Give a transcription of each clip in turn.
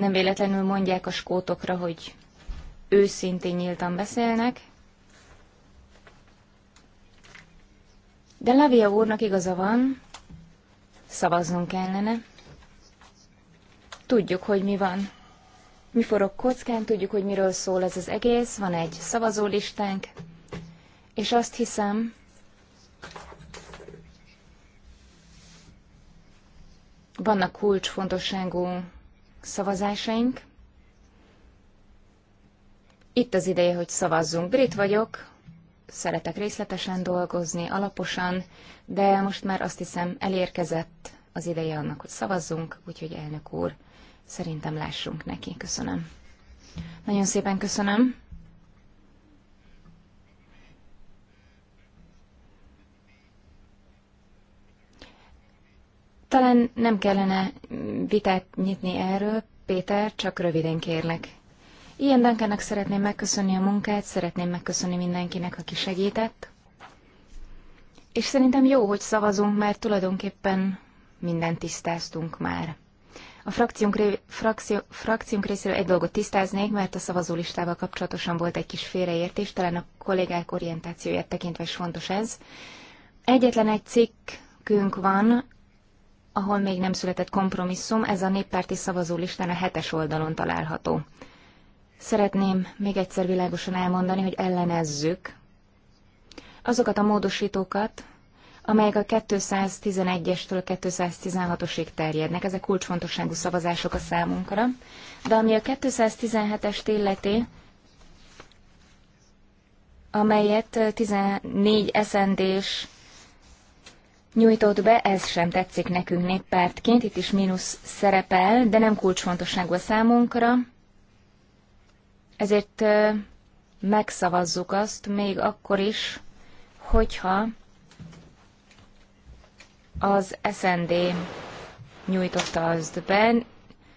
Nem véletlenül mondják a skótokra, hogy őszintén nyíltan beszélnek. De Lavia úrnak igaza van, szavaznunk kellene. Tudjuk, hogy mi van. Mi forog kockán, tudjuk, hogy miről szól ez az egész, van egy szavazólistánk, és azt hiszem, vannak kulcsfontosságú szavazásaink. Itt az ideje, hogy szavazzunk. Brit vagyok, szeretek részletesen dolgozni, alaposan, de most már azt hiszem elérkezett az ideje annak, hogy szavazzunk, úgyhogy elnök úr, szerintem lássunk neki. Köszönöm. Nagyon szépen köszönöm. Talán nem kellene vitát nyitni erről. Péter, csak röviden kérlek. Ilyen Duncannak szeretném megköszönni a munkát, szeretném megköszönni mindenkinek, aki segített. És szerintem jó, hogy szavazunk, mert tulajdonképpen mindent tisztáztunk már. A frakciónk, ré, frakció, frakciónk részéről egy dolgot tisztáznék, mert a szavazólistával kapcsolatosan volt egy kis félreértés, talán a kollégák orientációját tekintve is fontos ez. Egyetlen egy cikkünk van, ahol még nem született kompromisszum, ez a néppárti szavazólistán a hetes oldalon található. Szeretném még egyszer világosan elmondani, hogy ellenezzük azokat a módosítókat, amelyek a 211-estől a 216-osig terjednek. Ezek kulcsfontosságú szavazások a számunkra. De ami a 217-est illeti, amelyet 14 eszendés nyújtott be, ez sem tetszik nekünk néppártként, itt is mínusz szerepel, de nem kulcsfontosságú a számunkra, ezért megszavazzuk azt még akkor is, hogyha az SND nyújtotta azt be.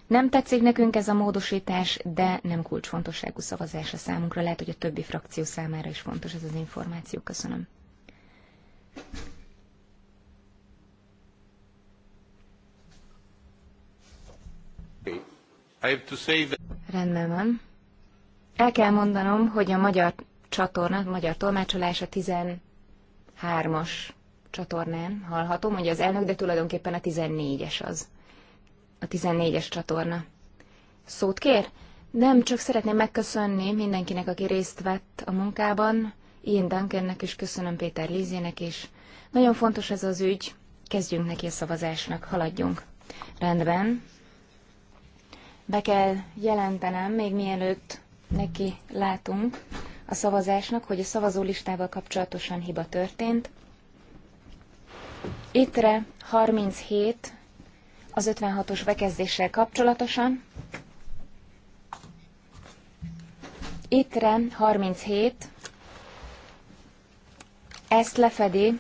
Nem tetszik nekünk ez a módosítás, de nem kulcsfontosságú szavazás a számunkra. Lehet, hogy a többi frakció számára is fontos ez az információ. Köszönöm. that... Rendben van. El kell mondanom, hogy a magyar csatorna, a magyar tolmácsolás a 13-as csatornán hallható, mondja az elnök, de tulajdonképpen a 14-es az. A 14-es csatorna. Szót kér? Nem, csak szeretném megköszönni mindenkinek, aki részt vett a munkában. Ian Duncannek is köszönöm, Péter Lízének is. Nagyon fontos ez az ügy. Kezdjünk neki a szavazásnak, haladjunk. Rendben, be kell jelentenem, még mielőtt neki látunk a szavazásnak, hogy a szavazólistával kapcsolatosan hiba történt. Ittre 37 az 56-os bekezdéssel kapcsolatosan. Ittre 37 ezt lefedi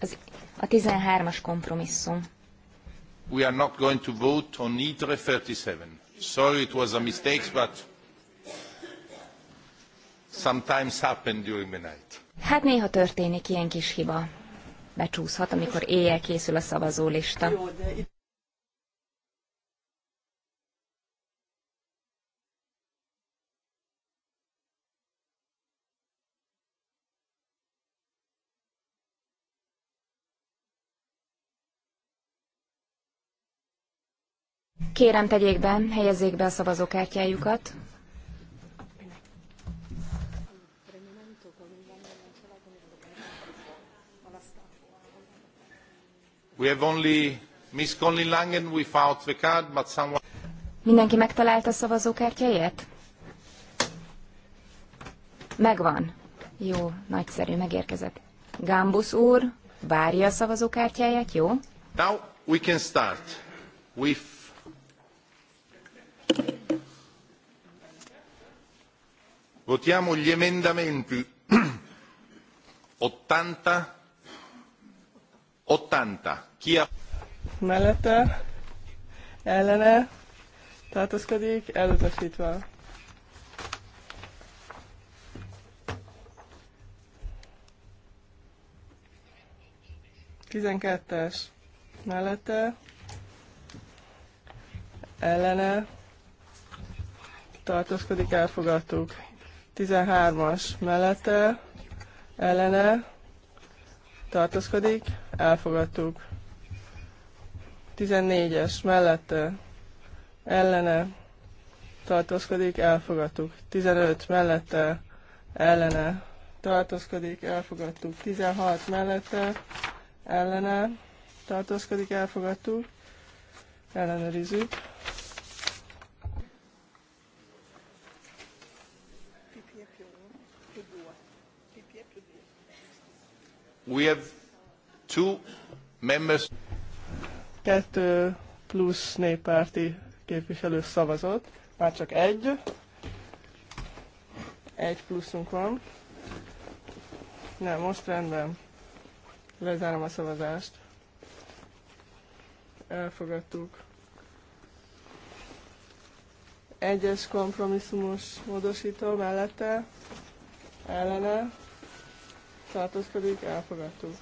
az, a 13-as kompromisszum we are not going to vote on ITRE 37. Sorry, it was a mistake, but sometimes happen during the night. Hát néha történik ilyen kis hiba. Becsúszhat, amikor éjjel készül a szavazólista. Jó, de itt... Kérem, tegyék be, helyezzék be a szavazókártyájukat. We have only Miss Colin Langen without the card, but someone... Mindenki megtalálta a szavazókártyáját? Megvan. Jó, nagyszerű, megérkezett. Gambus úr, várja a szavazókártyáját, jó? Now we can start with Votiamo gli emendamenti 80, 80. Chi ha... Mellette, ellene, tartózkodik, elutasítva. Tizenkettes mellette, ellene, tartózkodik, elfogadtuk. 13-as mellette, ellene, tartózkodik, elfogadtuk. 14-es mellette, ellene, tartózkodik, elfogadtuk. 15 mellette, ellene, tartózkodik, elfogadtuk. 16 mellette, ellene, tartózkodik, elfogadtuk. Ellenőrizzük. We have two members. Kettő plusz néppárti képviselő szavazott, már csak egy. Egy pluszunk van. Nem, most rendben. Lezárom a szavazást. Elfogadtuk. Egyes kompromisszumos módosító mellette, ellene tartózkodik, elfogadtuk.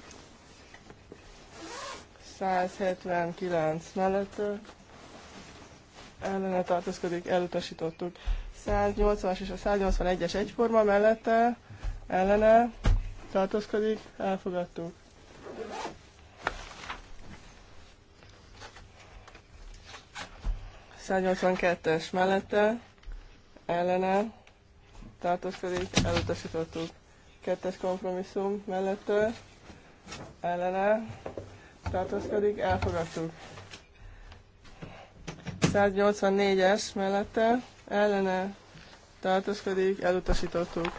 179 mellett ellene tartózkodik, elutasítottuk. 180-as és a 181-es egyforma mellette ellene tartózkodik, elfogadtuk. 182-es mellette ellene tartózkodik, elutasítottuk. Kettes kompromisszum mellette ellene tartózkodik, elfogadtuk. 184-es mellette ellene tartózkodik, elutasítottuk.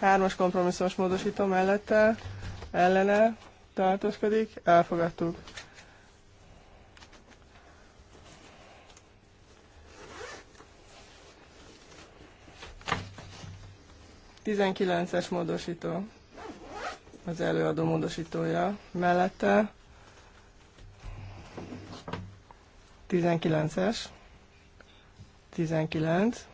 Hármas kompromisszumos módosító mellette ellene tartózkodik, elfogadtuk. 19-es módosító, az előadó módosítója mellette. 19-es, 19,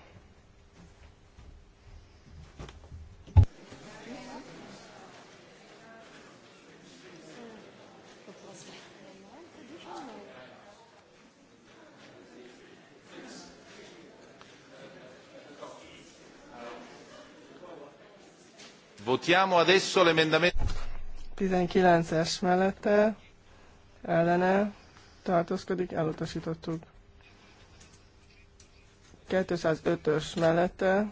Votiamo adesso l'emendamento. 19-es mellette ellene tartózkodik, elutasítottuk. 205-ös mellette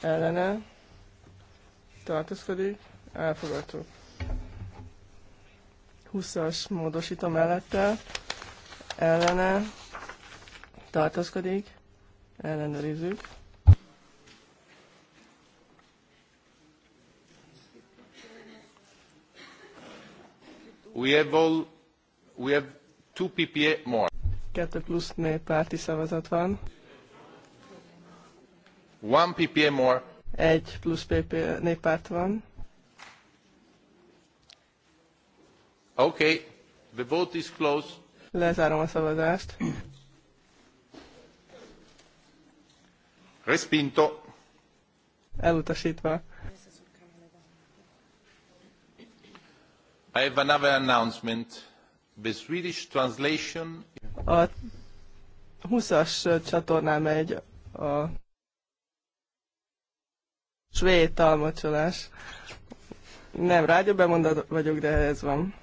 ellene tartózkodik, elfogadtuk. 20-as módosító mellette ellene tartózkodik, ellenőrizzük. we have, all, we have two PPA more. Kettő plusz néppárti szavazat van. One PPA more. Egy plusz PP néppárt van. Okay, the vote is closed. Lezárom a szavazást. Respinto. Elutasítva. I have another announcement. The Swedish translation... A 20-as csatornán megy a svéd talmacsolás. Nem, rádióbemondat vagyok, de ez van.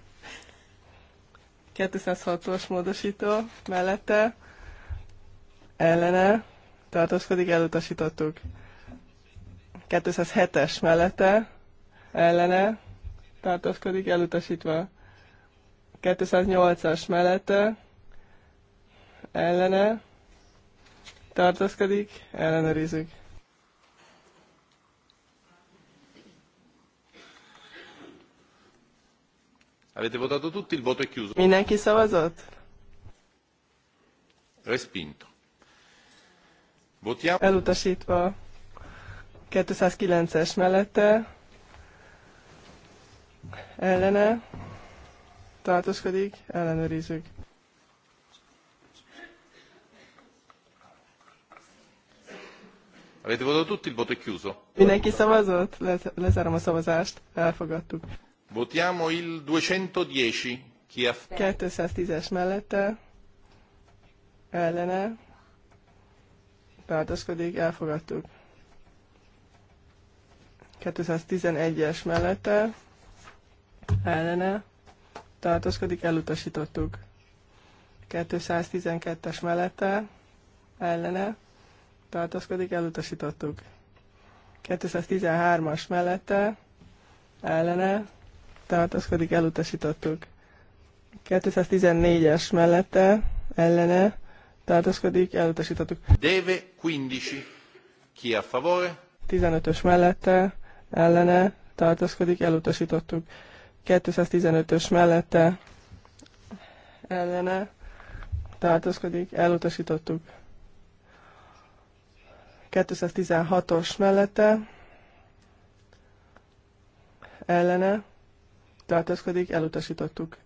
206-os módosító mellette ellene tartózkodik, elutasítottuk. 207-es mellette ellene tartózkodik, elutasítva. 208-as mellette, ellene, tartózkodik, ellenőrizzük. Avete votato tutti, il voto è chiuso. Mindenki szavazott? Respinto. Votiamo. Elutasítva. 209-es mellette ellene tartózkodik, ellenőrizzük. Avete votato tutti, il voto è chiuso. Mindenki szavazott? Le, lezárom a szavazást. Elfogadtuk. Votiamo il 210. Chi a... 210-es mellette. Ellene. Tartózkodik, elfogadtuk. 211-es mellette ellene tartózkodik, elutasítottuk. 212-es mellette ellene tartózkodik, elutasítottuk. 213-as mellette ellene tartózkodik, elutasítottuk. 214-es mellette ellene tartózkodik, elutasítottuk. Deve 15. Ki a favore? 15-ös mellette ellene tartózkodik, elutasítottuk. 215-ös mellette ellene tartózkodik, elutasítottuk. 216-os mellette ellene tartózkodik, elutasítottuk.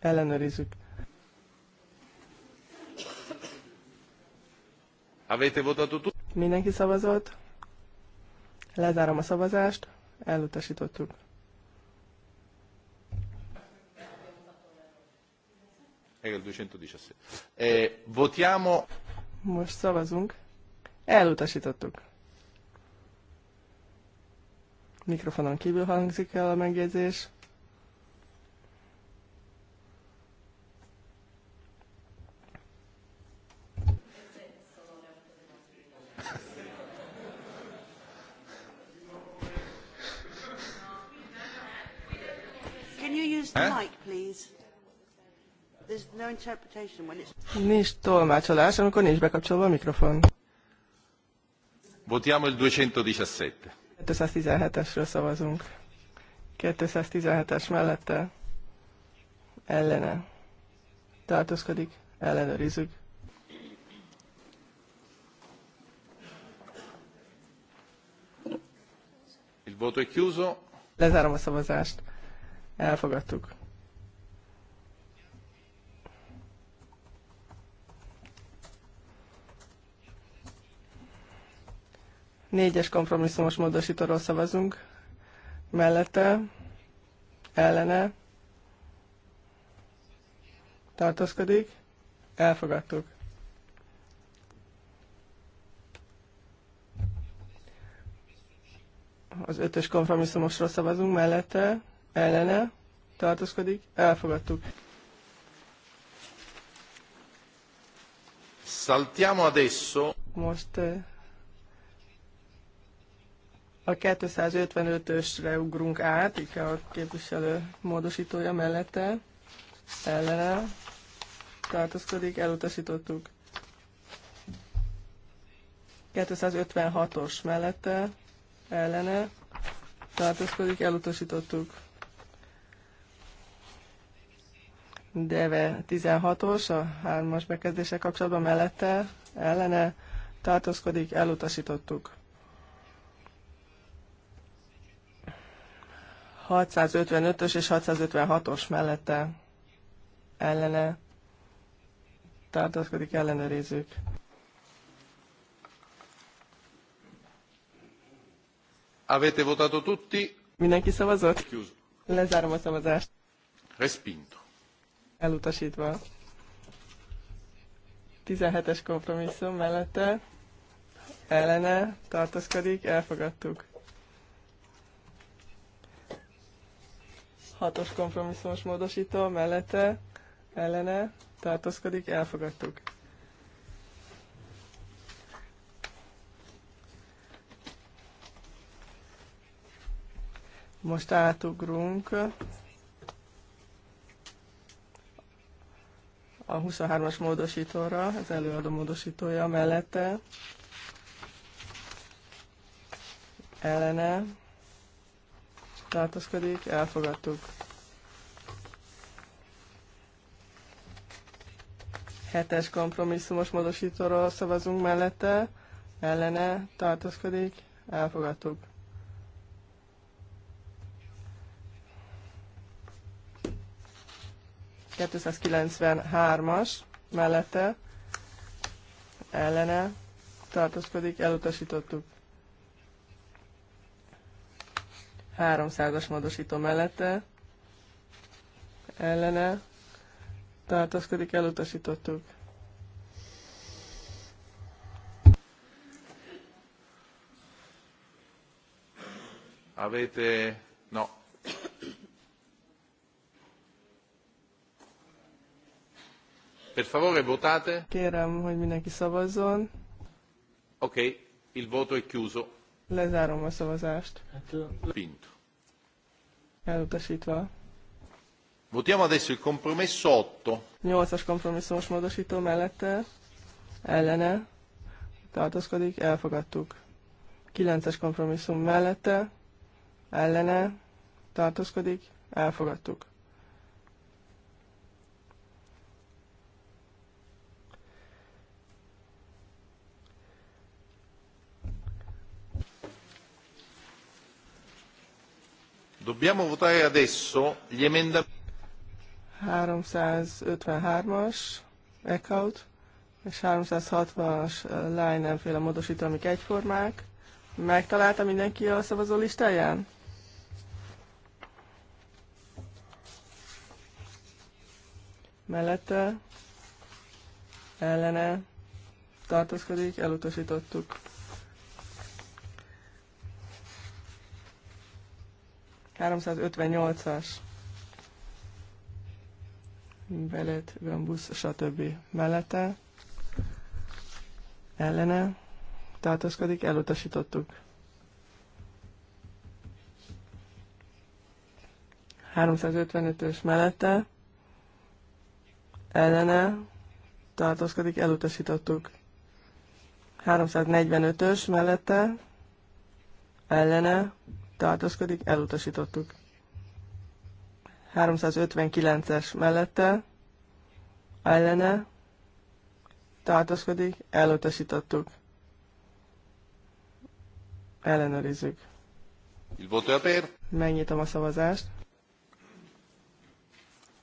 Ellenőrizzük. Avete votato tutti? Mindenki szavazott. Lezárom a szavazást. Elutasítottuk. Meg a 217. Eh, votiamo. Most szavazunk. Elutasítottuk. Mikrofonon kívül hangzik el a megjegyzés. Can you use the mic, Nincs tolmácsolás, amikor nincs bekapcsolva a mikrofon. Votiamo il 217. 217-esről szavazunk. 217-es mellette ellene tartózkodik, ellenőrizzük. Il voto è chiuso. Lezárom a szavazást. Elfogadtuk. Négyes kompromisszumos módosítóról szavazunk. Mellette, ellene, tartózkodik, elfogadtuk. Az ötös kompromisszumosról szavazunk, mellette, ellene, tartózkodik, elfogadtuk. Saltiamo adesso. Most eh, A 255-ösre ugrunk át, így a képviselő módosítója mellette ellene tartózkodik, elutasítottuk. 256-os mellette ellene tartózkodik, elutasítottuk. Deve 16-os, a 3-as bekezdése kapcsolatban mellette ellene tartózkodik, elutasítottuk. 655-ös és 656-os mellette ellene tartózkodik, ellenőrizzük. Avete votato tutti? Mindenki szavazott? Chiuso. Lezárom a szavazást. Respinto. Elutasítva. 17-es kompromisszum mellette ellene tartózkodik, elfogadtuk. Hatos kompromisszumos módosító mellette ellene tartózkodik, elfogadtuk. Most átugrunk a 23-as módosítóra, az előadó módosítója mellette ellene tartózkodik, elfogadtuk. 7-es kompromisszumos módosítóról szavazunk mellette, ellene tartózkodik, elfogadtuk. as mellette ellene tartózkodik, elutasítottuk. 300-as módosító mellette ellene tartózkodik, elutasítottuk. Avete... No. Per favore, votate. Kérem, hogy mindenki szavazzon. Oké, okay. il voto è chiuso. Lezárom a szavazást. Pinto. Elutasítva. Votiamo adesso il compromesso 8. 8-as kompromisszumos módosító mellette, ellene, tartózkodik, elfogadtuk. 9-es kompromisszum mellette, ellene, tartózkodik, elfogadtuk. Dobbiamo votare adesso gli emendamenti. 353-as Eckhout és 360-as Leinenféle módosító, amik egyformák. Megtalálta mindenki a szavazó listáján? Mellette, ellene, tartózkodik, elutasítottuk. 358-as. Belet, Gömbusz, stb. mellette, ellene, tartózkodik, elutasítottuk. 355-ös mellette, ellene, tartózkodik, elutasítottuk. 345-ös mellette, ellene, tartózkodik, elutasítottuk. 359-es mellette, ellene, tartózkodik, elutasítottuk. Ellenőrizzük. Il voto è aperto. Megnyitom a szavazást.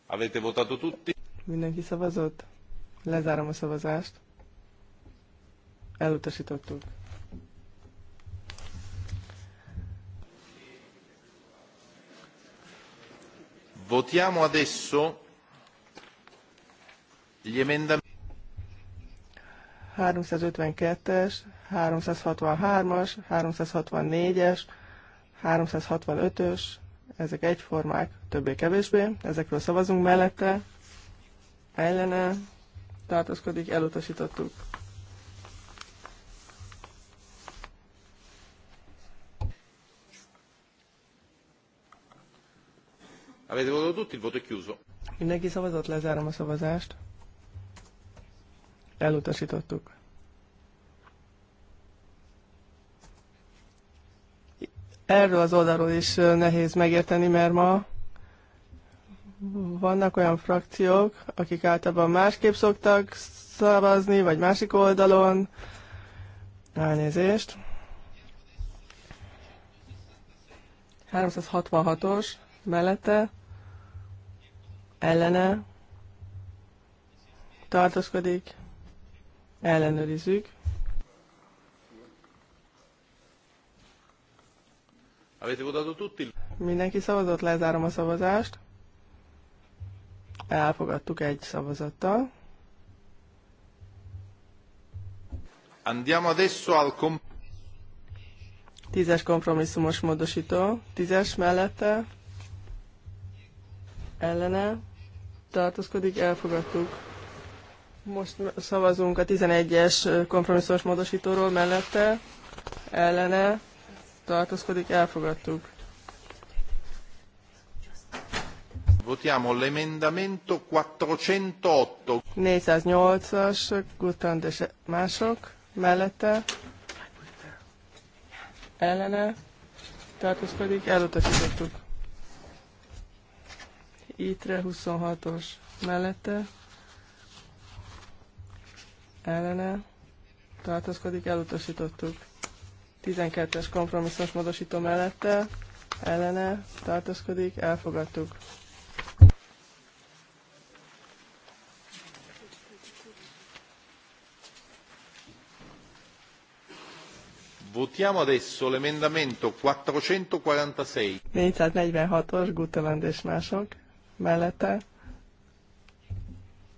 Avete votato tutti? Mindenki szavazott? Lezárom a szavazást. Elutasítottuk. Votiamo adesso gli emendamenti. 352-es, 363-as, 364-es, 365-ös, ezek egyformák, többé-kevésbé. Ezekről szavazunk mellette, ellene, tartózkodik, elutasítottuk. Avete votato tutti, il voto è chiuso. Mindenki szavazott, lezárom a szavazást. Elutasítottuk. Erről az oldalról is nehéz megérteni, mert ma vannak olyan frakciók, akik általában másképp szoktak szavazni, vagy másik oldalon. Elnézést. 366-os mellette ellene tartózkodik, ellenőrizzük. Mindenki szavazott, lezárom a szavazást. Elfogadtuk egy szavazattal. Andiamo adesso al com- Tízes kompromisszumos módosító. Tízes mellette ellene tartózkodik, elfogadtuk. Most szavazunk a 11-es kompromisszós módosítóról mellette, ellene tartózkodik, elfogadtuk. Votiamo l'emendamento 408. 408-as, Gutant és mások mellette, ellene tartózkodik, elutasítottuk. ITRE 26-os mellette ellene tartózkodik, elutasítottuk. 12-es kompromisszos módosító mellette ellene tartózkodik, elfogadtuk. Votiamo adesso l'emendamento 446. 446-os Gutteland és mások mellette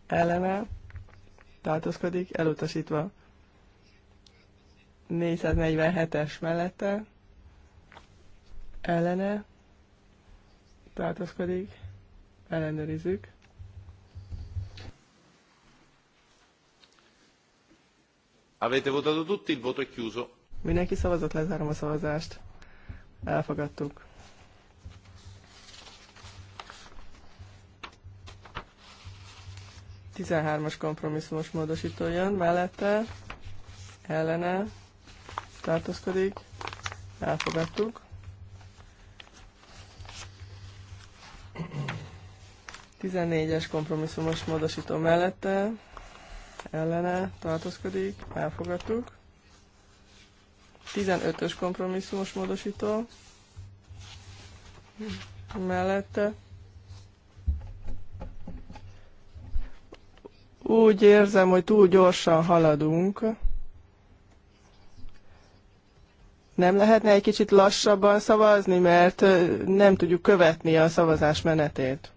ellene tartózkodik, elutasítva. 447-es mellette ellene tartózkodik, ellenőrizzük. Avete votato tutti, il voto è chiuso. Mindenki szavazott, lezárom a szavazást. Elfogadtuk. 13-as kompromisszumos módosító jön, mellette, ellene, tartózkodik, elfogadtuk. 14-es kompromisszumos módosító mellette, ellene, tartózkodik, elfogadtuk. 15-ös kompromisszumos módosító mellette, Úgy érzem, hogy túl gyorsan haladunk. Nem lehetne egy kicsit lassabban szavazni, mert nem tudjuk követni a szavazás menetét.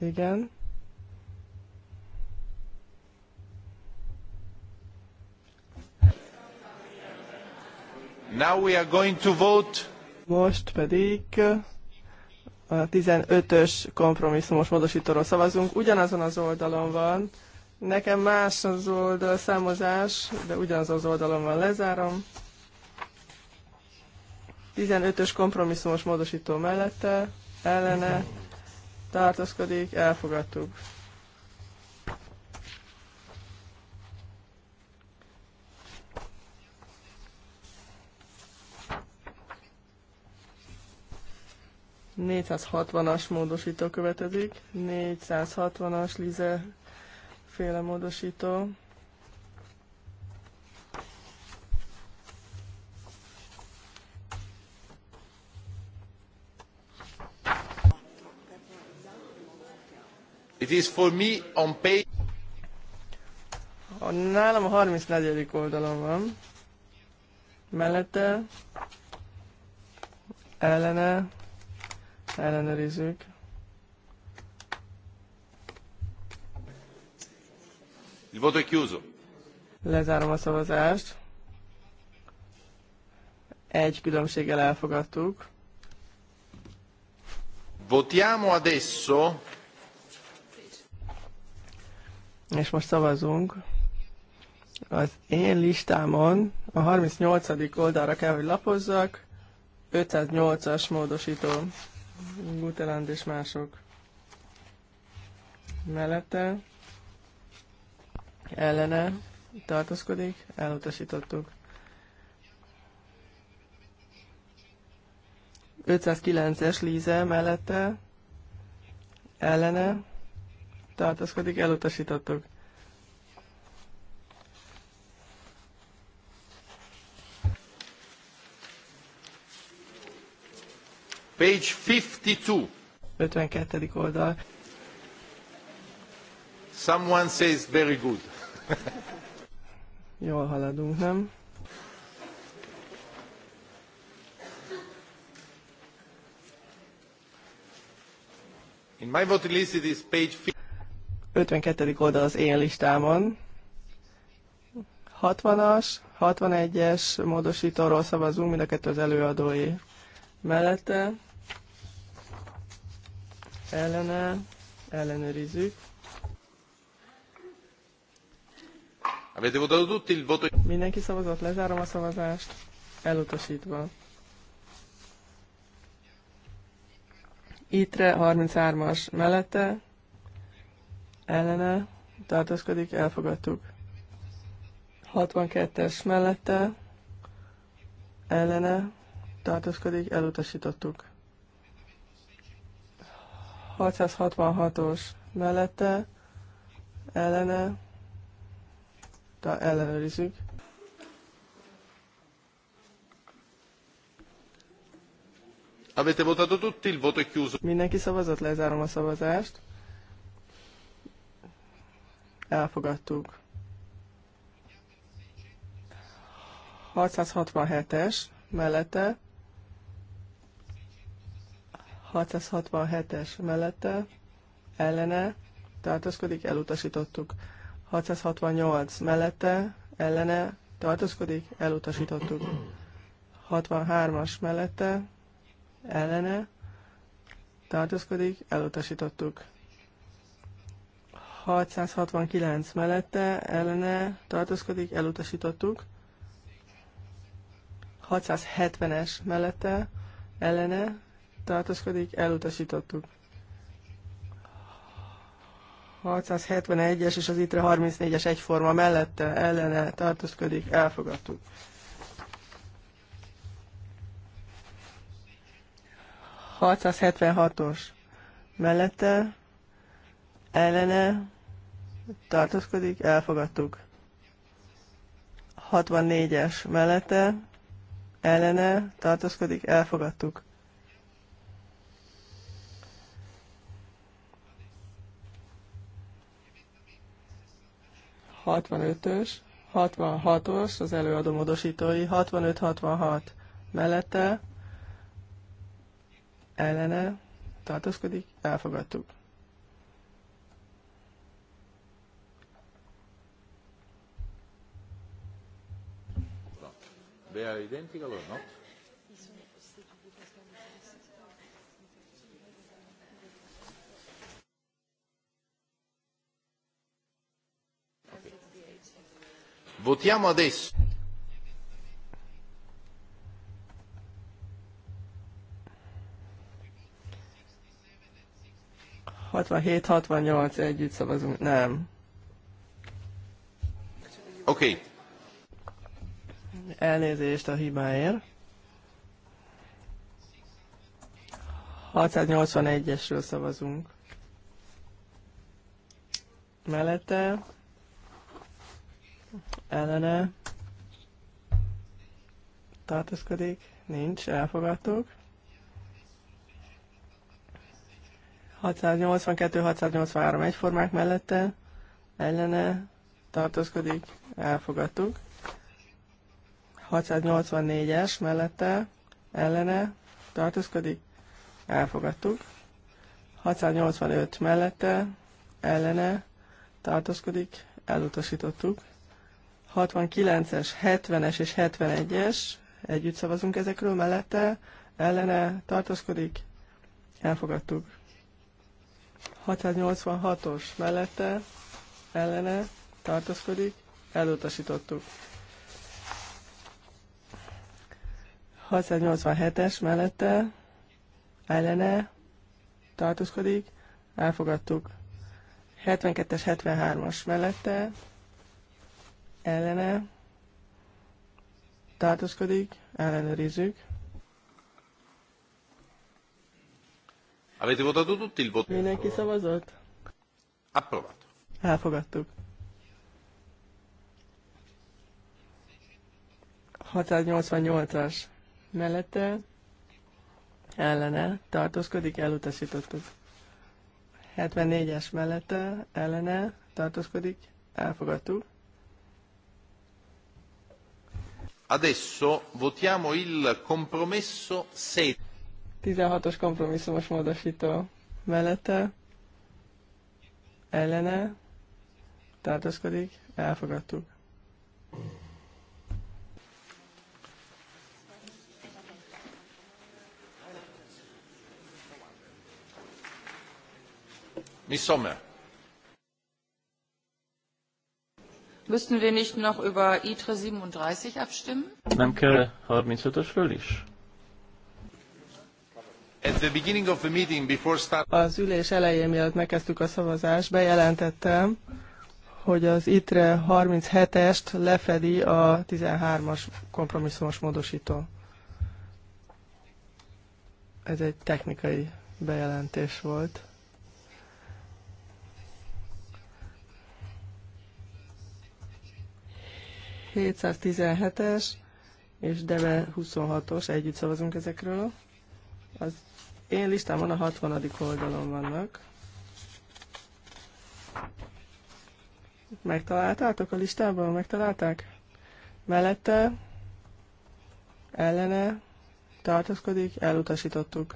Igen. Now we are going to vote. Most pedig a 15-ös kompromisszumos módosítóról szavazunk. Ugyanazon az oldalon van, nekem más az oldal számozás, de ugyanaz az oldalon van, lezárom. 15-ös kompromisszumos módosító mellette, ellene, tartózkodik, elfogadtuk. 460-as módosító következik, 460-as Lize féle módosító. It is for me on page... Nálam a 34. oldalon van. Mellette, ellene, ellenőrizzük. Il voto è chiuso. Lezárom a szavazást. Egy különbséggel elfogadtuk. Votiamo adesso. És most szavazunk. Az én listámon a 38. oldalra kell, hogy lapozzak. 508-as módosító. Guteland és mások mellette, ellene tartózkodik, elutasítottuk. 509-es Líze mellette, ellene tartózkodik, elutasítottuk. Page 52. 52. oldal. Someone says very good. Jól haladunk, nem? In my voting list it is page 52. oldal az én listámon. 60-as, 61-es módosítóról szavazunk, mind a kettő az előadói mellette ellene, ellenőrizzük. Avete votato tutti il voto? Mindenki szavazott, lezárom a szavazást, elutasítva. Itre 33-as mellette, ellene, tartózkodik, elfogadtuk. 62-es mellette, ellene, tartózkodik, elutasítottuk. 666-os mellette, ellene, de ellenőrizzük. Avete votato tutti, il voto è chiuso. Mindenki szavazott, lezárom a szavazást. Elfogadtuk. 667-es mellette 667-es mellette ellene tartózkodik, elutasítottuk. 668 mellette ellene tartózkodik, elutasítottuk. 63-as mellette ellene tartózkodik, elutasítottuk. 669 mellette ellene tartózkodik, elutasítottuk. 670-es mellette ellene tartózkodik, elutasítottuk. 671-es és az ITRE 34-es egyforma mellette ellene tartózkodik, elfogadtuk. ...676-os mellette, ellene, tartózkodik, elfogadtuk. 64-es mellette, ellene, tartózkodik, elfogadtuk. 65-ös, 66-os, az előadó módosítói, 65-66 mellette, ellene, tartózkodik, elfogadtuk. They are identical or not? Votiamo adesso. Hatvanhét, hatvannyolc, együtt szavazunk. Nem. Oké. Okay. Elnézést a hibáért. 681-esről szavazunk. Mellette ellene tartózkodik, nincs, elfogadtuk. 682-683 egyformák mellette ellene tartózkodik, elfogadtuk. 684-es mellette ellene tartózkodik, elfogadtuk. 685 mellette ellene tartózkodik, elutasítottuk. 69-es, 70-es és 71-es, együtt szavazunk ezekről, mellette ellene tartózkodik, elfogadtuk. 686-os mellette ellene tartózkodik, elutasítottuk. 687-es mellette ellene tartózkodik, elfogadtuk. 72-es, 73-as mellette ellene tartózkodik, ellenőrizzük. Avete votato tutti il voto? Mindenki szavazott? Approvato. Elfogadtuk. 688-as mellette ellene tartózkodik, elutasítottuk. 74-es mellette ellene tartózkodik, elfogadtuk. Adesso votiamo il compromesso 7. 16-os kompromisszumos módosító mellette, ellene, tartózkodik, elfogadtuk. Miss Sommer. Müssten wir nicht noch über ITRE 37 abstimmen? Nem kell 35-ösről is? At the beginning of the meeting, before start... Az ülés elején, mielőtt megkezdtük a szavazást, bejelentettem, hogy az ITRE 37-est lefedi a 13-as kompromisszumos módosító. Ez egy technikai bejelentés volt. 717-es és Deve 26-os, együtt szavazunk ezekről. Az én listámon a 60. oldalon vannak. Megtaláltátok a listában? Megtalálták? Mellette, ellene, tartózkodik, elutasítottuk.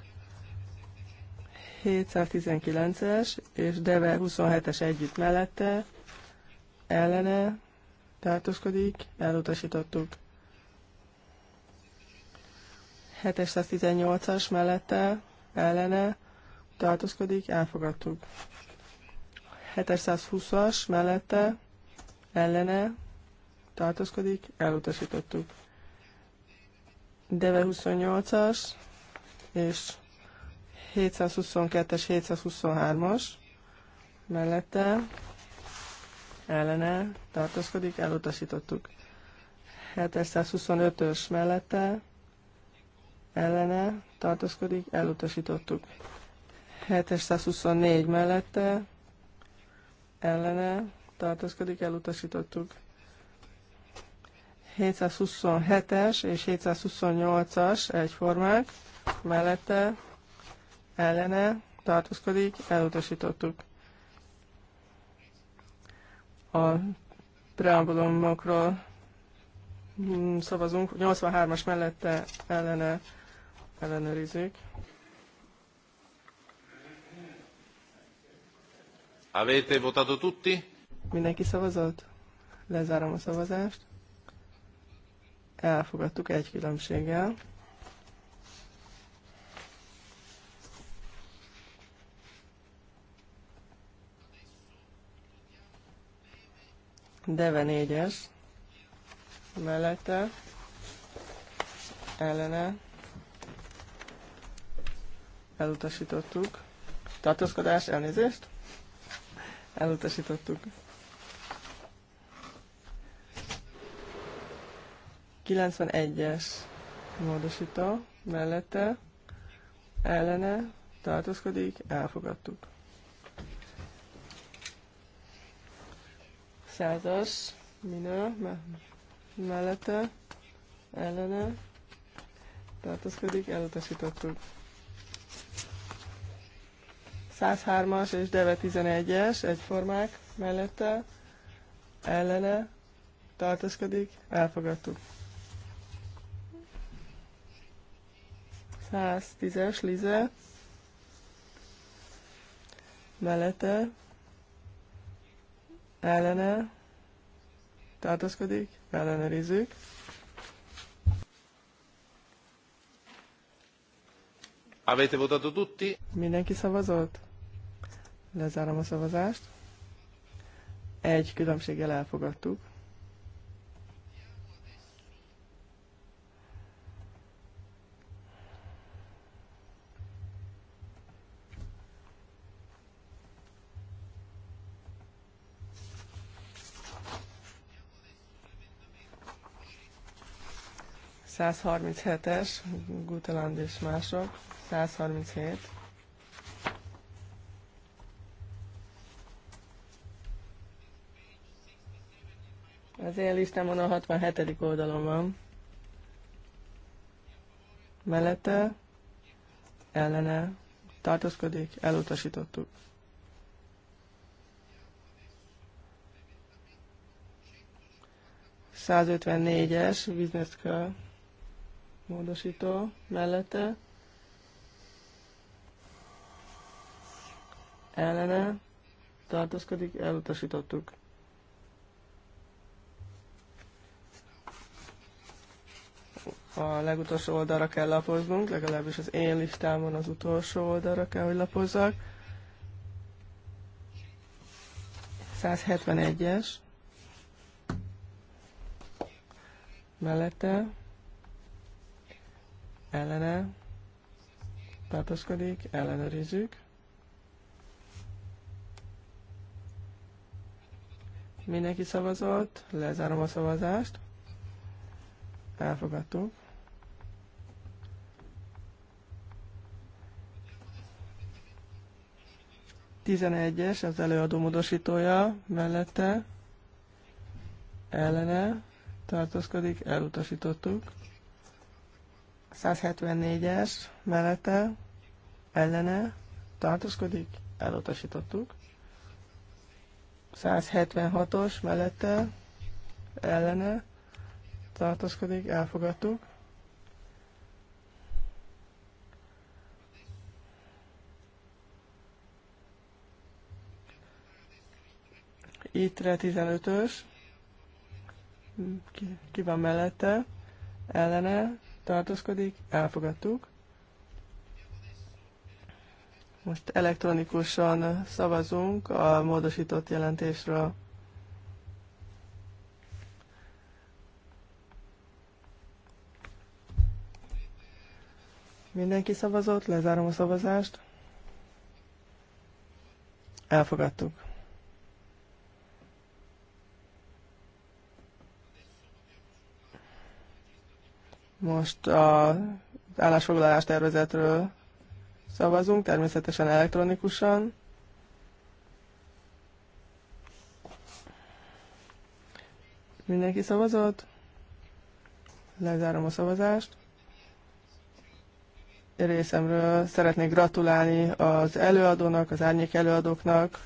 719-es és Deve 27-es együtt mellette, ellene, tartózkodik, elutasítottuk. 718-as mellette, ellene, tartózkodik, elfogadtuk. 720-as mellette, ellene, tartózkodik, elutasítottuk. Deve 28-as, és 722-es, 723-as mellette, ellene tartózkodik, elutasítottuk. 725-ös mellette ellene tartózkodik, elutasítottuk. 724 mellette ellene tartózkodik, elutasítottuk. 727-es és 728-as egyformák mellette ellene tartózkodik, elutasítottuk a preambulumokról mm, szavazunk. 83-as mellette ellene ellenőrizzük. Avete votato tutti? Mindenki szavazott? Lezárom a szavazást. Elfogadtuk egy különbséggel. Deve 4-es mellette ellene elutasítottuk. Tartózkodás, elnézést. Elutasítottuk. 91-es módosító mellette ellene tartózkodik, elfogadtuk. Százas, minő, mellette, ellene, tartózkodik, elutasítottuk. 103-as és Deve 11-es, egyformák, mellette, ellene, tartózkodik, elfogadtuk. 110-es, Lize, mellette, ellene tartózkodik, ellenőrizzük. Avete votato tutti? Mindenki szavazott? Lezárom a szavazást. Egy különbséggel elfogadtuk. 137-es, Gutaland és mások, 137. Az én listámon a 67. oldalon van. Mellette, ellene, tartózkodik, elutasítottuk. 154-es Vizneszka módosító mellette ellene tartózkodik, elutasítottuk. A legutolsó oldalra kell lapoznunk, legalábbis az én listámon az utolsó oldalra kell, hogy lapozzak. 171-es mellette ellene tartózkodik, ellenőrizzük. Mindenki szavazott, lezárom a szavazást. Elfogadtuk. Tizenegyes az előadó módosítója mellette ellene tartózkodik, elutasítottuk. 174-es mellette ellene tartózkodik, elutasítottuk. 176-os mellette ellene tartózkodik, elfogadtuk. Ittre 15-ös, ki, ki van mellette, ellene tartózkodik, elfogadtuk. Most elektronikusan szavazunk a módosított jelentésről. Mindenki szavazott, lezárom a szavazást. Elfogadtuk. Most a állásfoglalás tervezetről szavazunk, természetesen elektronikusan. Mindenki szavazott? Lezárom a szavazást. Részemről szeretnék gratulálni az előadónak, az árnyék előadóknak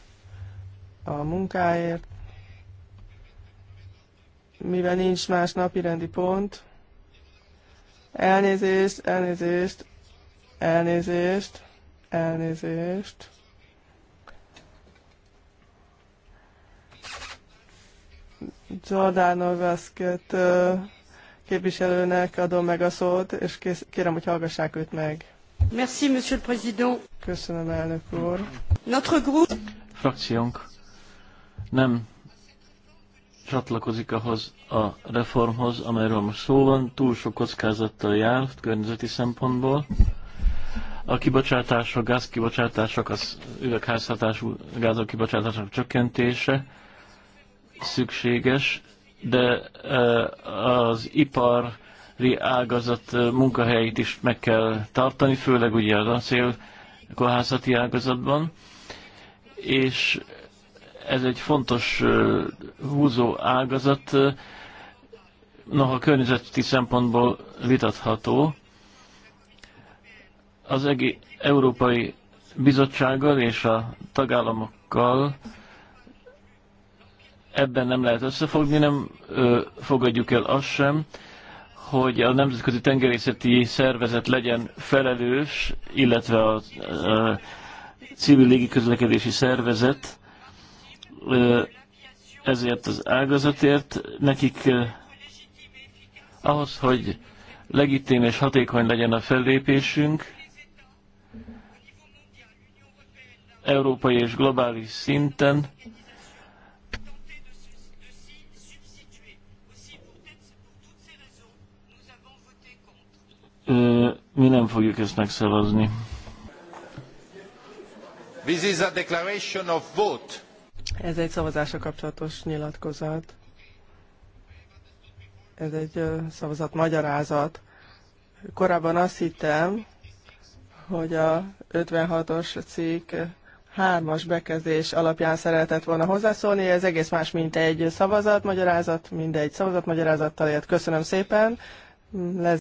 a munkáért. Mivel nincs más napi rendi pont, Elnézést, elnézést, elnézést, elnézést. Giordano Veszket képviselőnek adom meg a szót, és kérem, hogy hallgassák őt meg. Merci, Monsieur le Président. Köszönöm, elnök úr. Notre group... Frakciónk nem csatlakozik ahhoz a reformhoz, amelyről most szó van, túl sok kockázattal jár környezeti szempontból. A kibocsátások, gázkibocsátások, az üvegházhatású gázok kibocsátások csökkentése szükséges, de e, az ipari ágazat munkahelyét is meg kell tartani, főleg ugye az acél kohászati ágazatban, és ez egy fontos húzó ágazat, noha környezeti szempontból vitatható. Az egész Európai Bizottsággal és a tagállamokkal ebben nem lehet összefogni, nem ö, fogadjuk el azt sem, hogy a Nemzetközi Tengerészeti Szervezet legyen felelős, illetve a, a, a civil légiközlekedési szervezet ezért az ágazatért. Nekik ahhoz, hogy legitim és hatékony legyen a fellépésünk, európai és globális szinten, mi nem fogjuk ezt megszavazni. This is a declaration of vote. Ez egy szavazásra kapcsolatos nyilatkozat. Ez egy szavazat magyarázat. Korábban azt hittem, hogy a 56-os cikk hármas bekezdés alapján szeretett volna hozzászólni. Ez egész más, mint egy szavazatmagyarázat, mindegy szavazatmagyarázattal ért. Köszönöm szépen. Lez